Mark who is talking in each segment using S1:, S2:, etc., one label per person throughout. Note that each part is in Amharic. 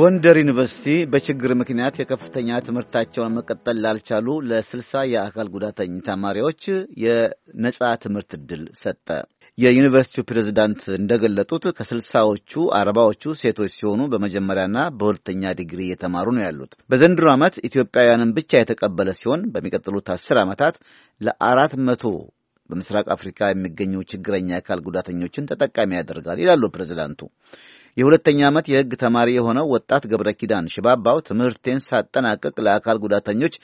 S1: ጎንደር ዩኒቨርሲቲ በችግር ምክንያት የከፍተኛ ትምህርታቸውን መቀጠል ላልቻሉ ለ60 የአካል ጉዳተኝ ተማሪዎች የነጻ ትምህርት ዕድል ሰጠ። የዩኒቨርሲቲው ፕሬዝዳንት እንደገለጡት ከስልሳዎቹ አርባዎቹ ሴቶች ሲሆኑ በመጀመሪያና በሁለተኛ ዲግሪ እየተማሩ ነው ያሉት። በዘንድሮ ዓመት ኢትዮጵያውያንን ብቻ የተቀበለ ሲሆን በሚቀጥሉት አስር ዓመታት ለአራት መቶ በምስራቅ አፍሪካ የሚገኙ ችግረኛ የአካል ጉዳተኞችን ተጠቃሚ ያደርጋል ይላሉ ፕሬዝዳንቱ። የሁለተኛ ዓመት የሕግ ተማሪ የሆነው ወጣት ገብረ ኪዳን ሽባባው ትምህርቴን ሳጠናቀቅ ለአካል ጉዳተኞች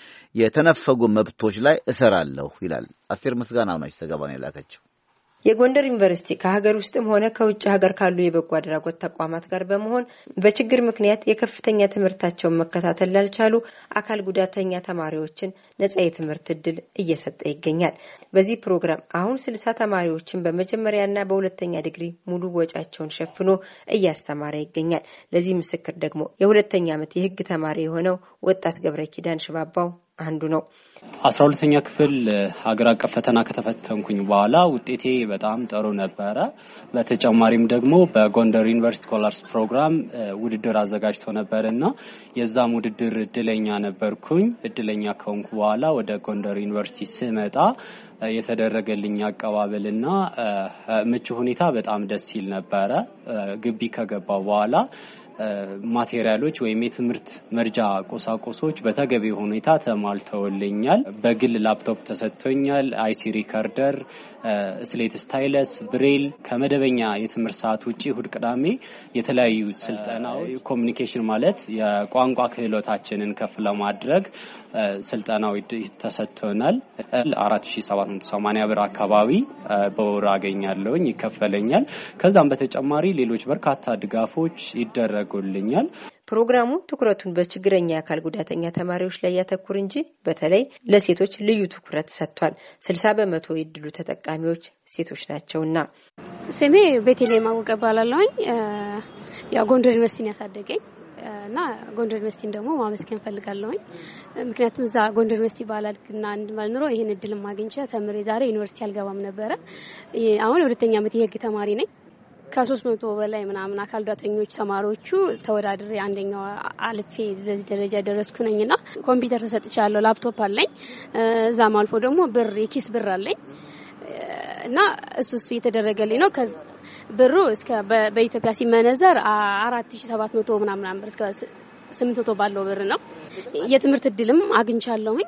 S1: የተነፈጉ መብቶች ላይ እሰራለሁ ይላል። አስቴር ምስጋናው ነች ዘገባውን የላከችው።
S2: የጎንደር ዩኒቨርሲቲ ከሀገር ውስጥም ሆነ ከውጭ ሀገር ካሉ የበጎ አድራጎት ተቋማት ጋር በመሆን በችግር ምክንያት የከፍተኛ ትምህርታቸውን መከታተል ላልቻሉ አካል ጉዳተኛ ተማሪዎችን ነጻ የትምህርት እድል እየሰጠ ይገኛል። በዚህ ፕሮግራም አሁን ስልሳ ተማሪዎችን በመጀመሪያና በሁለተኛ ዲግሪ ሙሉ ወጫቸውን ሸፍኖ እያስተማረ ይገኛል። ለዚህ ምስክር ደግሞ የሁለተኛ ዓመት የህግ ተማሪ የሆነው ወጣት ገብረ ኪዳን ሽባባው አንዱ ነው።
S3: አስራ ሁለተኛ ክፍል ሀገር አቀፍ ፈተና ከተፈተንኩኝ በኋላ ውጤቴ በጣም ጥሩ ነበረ። በተጨማሪም ደግሞ በጎንደር ዩኒቨርሲቲ ስኮላርስ ፕሮግራም ውድድር አዘጋጅቶ ነበር እና የዛም ውድድር እድለኛ ነበርኩኝ። እድለኛ ከሆንኩ በኋላ ወደ ጎንደር ዩኒቨርሲቲ ስመጣ የተደረገልኝ አቀባበልና ምቹ ሁኔታ በጣም ደስ ይል ነበረ። ግቢ ከገባ በኋላ ማቴሪያሎች ወይም የትምህርት መርጃ ቁሳቁሶች በተገቢ ሁኔታ ተሟልተውልኛል። በግል ላፕቶፕ ተሰጥቶኛል። አይሲ ሪከርደር፣ ስሌት፣ ስታይለስ፣ ብሬል ከመደበኛ የትምህርት ሰዓት ውጭ እሁድ፣ ቅዳሜ የተለያዩ ስልጠና ኮሚኒኬሽን ማለት የቋንቋ ክህሎታችንን ከፍ ለማድረግ ስልጠናው ተሰጥቶናል። አራት ሺ ሰባት መቶ ሰማኒያ ብር አካባቢ በወር አገኛለሁኝ ይከፈለኛል። ከዛም በተጨማሪ ሌሎች በርካታ ድጋፎች ይደረጉ አድርገውልኛል።
S2: ፕሮግራሙ ትኩረቱን በችግረኛ የአካል ጉዳተኛ ተማሪዎች ላይ ያተኩር እንጂ በተለይ ለሴቶች ልዩ ትኩረት ሰጥቷል። ስልሳ በመቶ የድሉ ተጠቃሚዎች ሴቶች ናቸውና።
S4: ስሜ ቤቴሌም አወቀ እባላለሁኝ። ያው ጎንደር ዩኒቨርሲቲን ያሳደገኝ እና ጎንደር ዩኒቨርሲቲን ደግሞ ማመስገን ፈልጋለሁኝ። ምክንያቱም እዛ ጎንደር ዩኒቨርሲቲ ባላድግና እንድማል ኑሮ ይህን እድልም አግኝቼ ተምሬ ዛሬ ዩኒቨርሲቲ አልገባም ነበረ። አሁን ሁለተኛ ዓመት የህግ ተማሪ ነኝ። ከሶስት መቶ በላይ ምናምን አካል ጉዳተኞች ተማሪዎቹ ተወዳድሬ አንደኛው አልፌ ለዚህ ደረጃ ደረስኩ ነኝ ና ኮምፒውተር ተሰጥቻለሁ። ላፕቶፕ አለኝ። እዛም አልፎ ደግሞ ብር የኪስ ብር አለኝ እና እሱ እሱ እየተደረገልኝ ነው። ብሩ እስከ በኢትዮጵያ ሲመነዘር አራት ሺ ሰባት መቶ ምናምን ብር እስከ ስምንት መቶ ባለው ብር ነው። የትምህርት እድልም አግኝቻለሁኝ።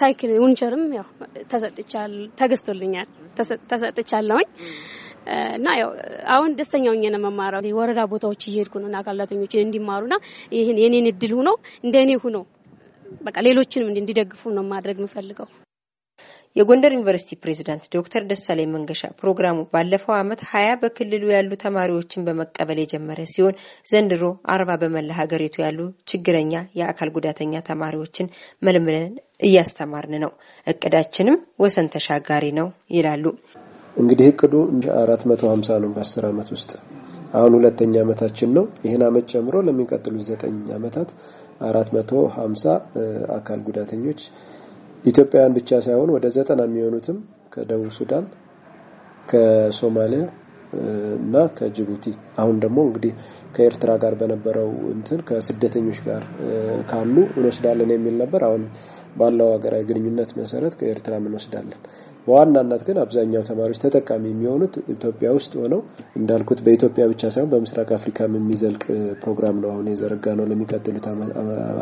S4: ሳይክል ውንቸርም ያው ተሰጥቻለሁ፣ ተገዝቶልኛል፣ ተሰጥቻለሁኝ እና ያው አሁን ደስተኛው እኛ ነው መማረው የወረዳ ቦታዎች እየሄድኩ ነው እና አካላተኞች እንዲማሩና ይህን የኔን እድል ሆኖ እንደ እኔ ሆኖ በቃ ሌሎችንም እንዲደግፉ ነው ማድረግ የምፈልገው።
S2: የጎንደር ዩኒቨርሲቲ ፕሬዝዳንት ዶክተር ደሳለኝ መንገሻ ፕሮግራሙ ባለፈው ዓመት ሀያ በክልሉ ያሉ ተማሪዎችን በመቀበል የጀመረ ሲሆን ዘንድሮ አርባ በመላ ሀገሪቱ ያሉ ችግረኛ የአካል ጉዳተኛ ተማሪዎችን መልምለን እያስተማርን ነው። እቅዳችንም ወሰን ተሻጋሪ ነው ይላሉ።
S5: እንግዲህ እቅዱ አራት መቶ ሀምሳ ነው በአስር አመት ውስጥ አሁን ሁለተኛ አመታችን ነው። ይህን አመት ጨምሮ ለሚቀጥሉት ዘጠኝ አመታት 450 ሀምሳ አካል ጉዳተኞች ኢትዮጵያውያን ብቻ ሳይሆን ወደ ዘጠና የሚሆኑትም ከደቡብ ሱዳን፣ ከሶማሊያ እና ከጅቡቲ አሁን ደግሞ እንግዲህ ከኤርትራ ጋር በነበረው እንትን ከስደተኞች ጋር ካሉ እንወስዳለን የሚል ነበር አሁን ባለው ሀገራዊ ግንኙነት መሰረት ከኤርትራ እንወስዳለን። በዋናነት ግን አብዛኛው ተማሪዎች ተጠቃሚ የሚሆኑት ኢትዮጵያ ውስጥ ሆነው እንዳልኩት በኢትዮጵያ ብቻ ሳይሆን በምስራቅ አፍሪካም የሚዘልቅ ፕሮግራም ነው አሁን
S2: የዘረጋ ነው ለሚቀጥሉት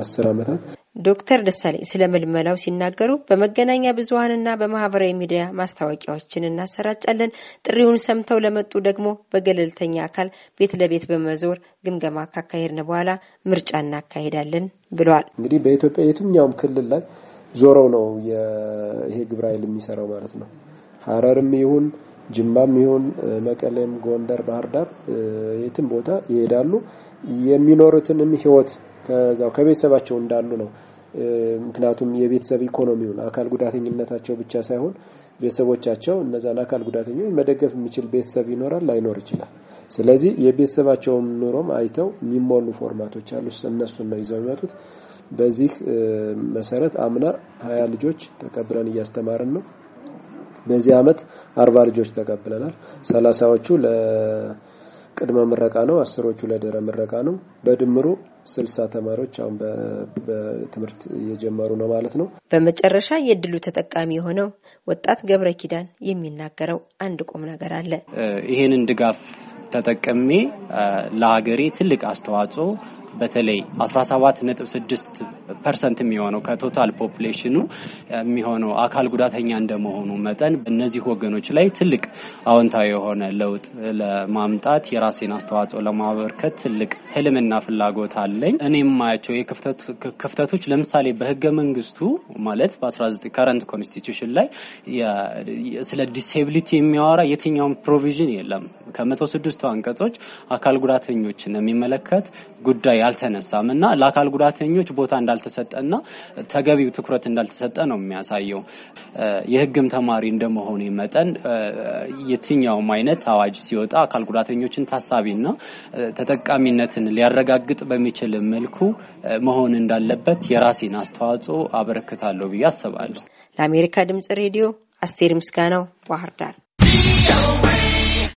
S2: አስር ዓመታት ዶክተር ደሳለኝ ስለ ምልመላው ሲናገሩ በመገናኛ ብዙሀንና በማህበራዊ ሚዲያ ማስታወቂያዎችን እናሰራጫለን። ጥሪውን ሰምተው ለመጡ ደግሞ በገለልተኛ አካል ቤት ለቤት በመዞር ግምገማ ካካሄድን በኋላ ምርጫ እናካሄዳለን
S5: ብለዋል። እንግዲህ በኢትዮጵያ የትኛውም ክልል ላይ ዞረው ነው ይሄ ግብረ ኃይል የሚሰራው ማለት ነው። ሀረርም ይሁን ጅማም ይሁን መቀሌም፣ ጎንደር፣ ባህር ዳር የትም ቦታ ይሄዳሉ። የሚኖሩትንም ህይወት ከዛው ከቤተሰባቸው እንዳሉ ነው ምክንያቱም የቤተሰብ ኢኮኖሚውን አካል ጉዳተኝነታቸው ብቻ ሳይሆን ቤተሰቦቻቸው እነዛን አካል ጉዳተኞች መደገፍ የሚችል ቤተሰብ ይኖራል፣ ላይኖር ይችላል። ስለዚህ የቤተሰባቸው ኑሮም አይተው የሚሞሉ ፎርማቶች አሉ። እነሱን ነው ይዘው የሚመጡት። በዚህ መሰረት አምና ሀያ ልጆች ተቀብለን እያስተማርን ነው። በዚህ አመት አርባ ልጆች ተቀብለናል። ሰላሳዎቹ ለቅድመ ምረቃ ነው፣ አስሮቹ ለድህረ ምረቃ ነው። በድምሩ ስልሳ ተማሪዎች አሁን በትምህርት እየጀመሩ ነው ማለት ነው።
S2: በመጨረሻ የድሉ ተጠቃሚ የሆነው ወጣት ገብረ ኪዳን የሚናገረው አንድ ቁም ነገር አለ።
S3: ይሄንን ድጋፍ ተጠቅሜ ለሀገሬ ትልቅ አስተዋጽኦ በተለይ 17.6 ፐርሰንት የሚሆነው ከቶታል ፖፕሌሽኑ የሚሆነው አካል ጉዳተኛ እንደመሆኑ መጠን በእነዚህ ወገኖች ላይ ትልቅ አዎንታዊ የሆነ ለውጥ ለማምጣት የራሴን አስተዋጽኦ ለማበርከት ትልቅ ህልምና ፍላጎት አለኝ። እኔ የማያቸው ክፍተቶች ለምሳሌ በህገ መንግስቱ ማለት በ19 ከረንት ኮንስቲቱሽን ላይ ስለ ዲስብሊቲ የሚያወራ የትኛውም ፕሮቪዥን የለም። ከመቶ ስድስቱ አንቀጾች አካል ጉዳተኞችን የሚመለከት ጉዳይ አልተነሳም እና ለአካል ጉዳተኞች ቦታ እንዳልተሰጠና ተገቢው ትኩረት እንዳልተሰጠ ነው የሚያሳየው። የህግም ተማሪ እንደመሆኑ መጠን የትኛውም አይነት አዋጅ ሲወጣ አካል ጉዳተኞችን ታሳቢና ተጠቃሚነትን ሊያረጋግጥ በሚችል መልኩ መሆን እንዳለበት የራሴን አስተዋጽኦ አበረክታለሁ ብዬ አስባለሁ።
S2: ለአሜሪካ ድምጽ ሬዲዮ አስቴር ምስጋናው ባህር ዳር